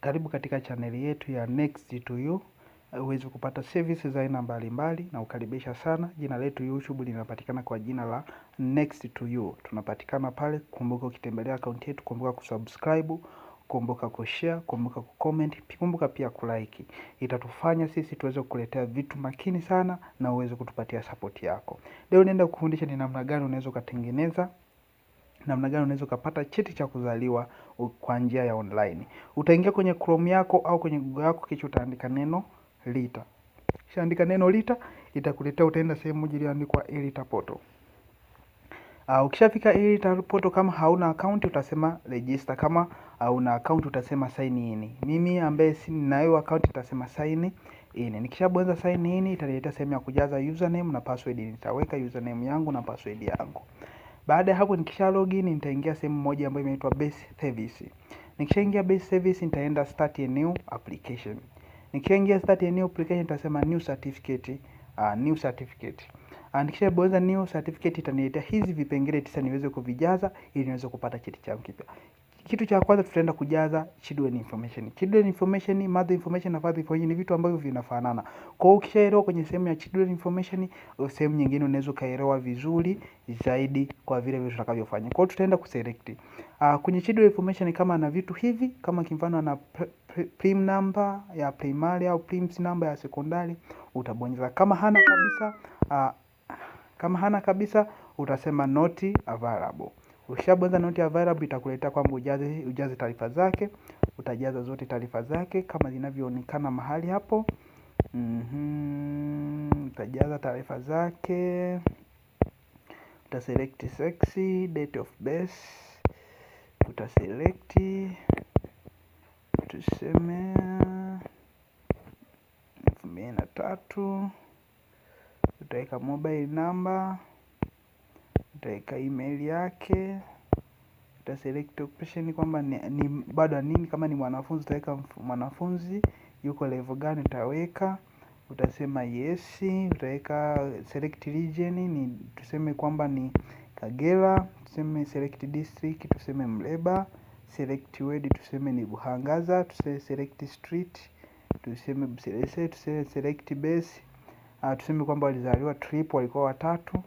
Karibu katika chaneli yetu ya Next to You uweze kupata services za aina mbalimbali na ukaribisha sana. Jina letu YouTube linapatikana kwa jina la Next to You. Tunapatikana pale. Kumbuka ukitembelea akaunti yetu, kumbuka kusubscribe, kumbuka kushare, kumbuka kucomment, kumbuka pia kulike. Itatufanya sisi tuweze kukuletea vitu makini sana na uweze kutupatia support yako. Leo naenda kukufundisha ni namna gani unaweza ukatengeneza, namna gani unaweza ukapata cheti cha kuzaliwa kwa njia ya online. Utaingia kwenye Chrome yako au kwenye Google yako kisha utaandika neno lita. Kisha andika neno lita, itakuletea utaenda sehemu moja iliyoandikwa lita portal. Uh, ukishafika lita portal kama hauna account utasema register, kama hauna account utasema sign in. Mimi ambaye si ninayo account nitasema sign in. Nikishabonza sign in italeta sehemu ya kujaza username na password. Nitaweka username yangu na password yangu. Baada ya hapo nikisha login nitaingia sehemu moja ambayo imeitwa base service. Nikishaingia base service nitaenda start a new application. Nikishaingia start a new application nitasema new certificate, uh, new certificate. Uh, nikishabonyeza new certificate itaniletea hizi vipengele tisa niweze kuvijaza ili niweze kupata cheti changu kipya. Kitu cha kwanza tutaenda kujaza children information. Children information, mother information na father information ni vitu ambavyo vinafanana. Kwa hiyo ukishaelewa kwenye sehemu ya children information, sehemu nyingine unaweza kaelewa vizuri zaidi kwa vile vitu tutakavyofanya. Kwa hiyo tutaenda kuselect. Uh, kwenye children information kama ana vitu hivi, kama kimfano ana prime number ya primary au prime number ya sekondari utabonyeza. Kama hana kabisa, uh, kama hana kabisa utasema not available. Ukishabonyeza not available itakuletea kwamba ujaze ujaze taarifa zake, utajaza zote taarifa zake kama zinavyoonekana mahali hapo. Mhm. utajaza taarifa zake. Utaselect sex, date of birth. Utaselect tuseme elfu mbili na tatu. Utaweka mobile number nitaweka email yake nita select occupation kwamba ni, ni bado nini kama ni mwanafunzi utaweka mwanafunzi yuko level gani utaweka utasema yes utaweka select region ni tuseme kwamba ni Kagera tuseme select district tuseme Mleba select word tuseme ni Buhangaza tuseme select street tuseme Buserese tuseme select base uh, tuseme kwamba walizaliwa trip walikuwa watatu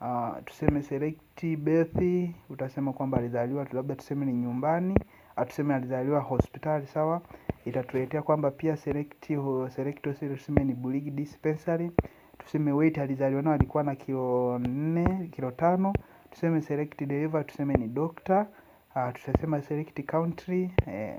uh, tuseme select birth, utasema kwamba alizaliwa labda tuseme ni nyumbani, atuseme alizaliwa hospitali, sawa. Itatuletea kwamba pia select select tuseme ni Bulig dispensary, tuseme weight alizaliwa nao alikuwa na kilo nne kilo tano tuseme select deliver, tuseme ni doctor. Uh, tutasema select country eh,